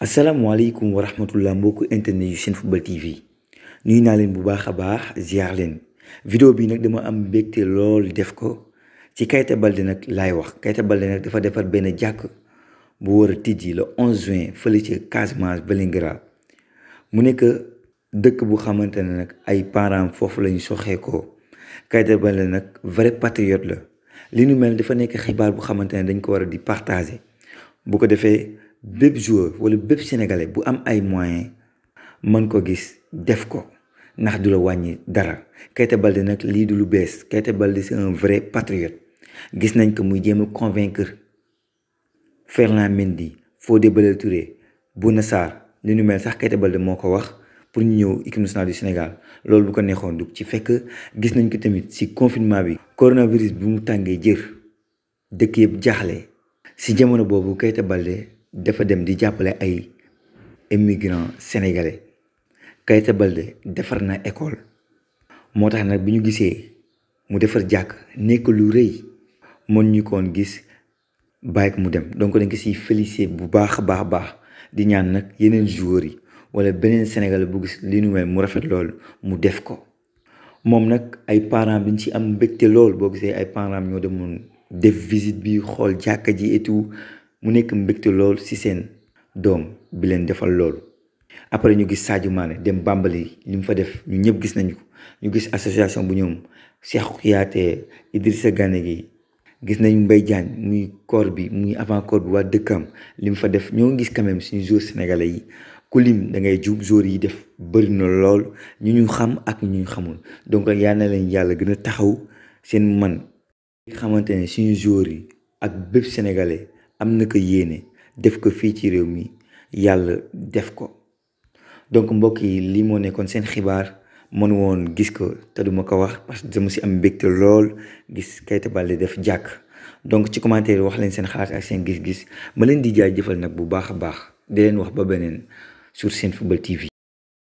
asalaamaaleykum wa rahmatullah mbokku internet yu seen football tv nuyu naa leen bu baax a baax ziar leen vidéo bi nag dama am mbégte lool def ko ci Keita Baldé nag laay wax Keita Baldé nag dafa defar benn jàkk bu war a tijji le 11 juin fële ci Casamance Vélingara mu nekk dëkk bu xamante ne nag ay parents foofu lañu soxee ko Keita Baldé nag vrai la li nu mel dafa nekk xibaar bu xamante ne dañ ko war a di partager bu ko defee bépp joueur wala bépp sénégalais bu am ay moyen mën ko gis def ko ndax du la wàññi dara Keita Baldé nag lii du lu bees Keita Baldé c'est un vrai patriote gis nañ ko muy jéem a convaincre Ferland Mendy Fodé Ballo-Touré Bouna Sarr li nu mel sax Keita Baldé moo ko wax pour ñu ñëw équipe nationale du Sénégal loolu bu ko neexoon du ci fekk gis nañ ko tamit ci confinement bi. coronavirus bi mu tàngee jër dëkk yëpp jaaxle si jamono boobu Keita Baldé dafa dem di jàppale ay immigrants sénégalais Keita de defar na école moo tax nag bi ñu gisee mu defar jàkk nekk lu rëy mën ñu koon gis bàyyi mu dem donc dañ ko si félicité bu baax a baax baax di ñaan nag yeneen joueurs yi wala beneen sénégalais bu gis li mu rafet lool mu def ko moom nag ay parent bi ñu ci am mbégte lool boo gisee ay parents ñoo dem demoon def visite bi xool jàkka ji et mu nekk mbégte lool ci seen doom bi leen defal lool après ñu gis Sadio Mané dem Bambali li mu fa def ñu ñëpp gis nañu ko ñu gis association bu ñoom Cheikhou Kouyaté Idrissa Gana gi gis nañ Mbaye Diagne muy corps bi muy avant corps bi waa dëkkam li mu fa def ñoo gis quand même suñu joueurs sénégalais yi ku lim da ngay jub joueurs yi def bëri na lool ñu ñu xam ak ñu ñu xamul donc yaa na leen yàlla gën a taxaw seen man xamante ne suñu joueurs yi ak bépp sénégalais am na ko yéene def ko fii ci réew mi yàlla def ko donc mbokk yi lii moo nekkoon seen xibaar mënu woon gis ko te duma ko wax parce que dama si am mbégte lool gis Keita Baldé def jàkk donc ci commentaire wax leen seen xalaat ak seen gis-gis ma leen di jëfal nag bu baax a baax di leen wax ba beneen sur Senfootball TV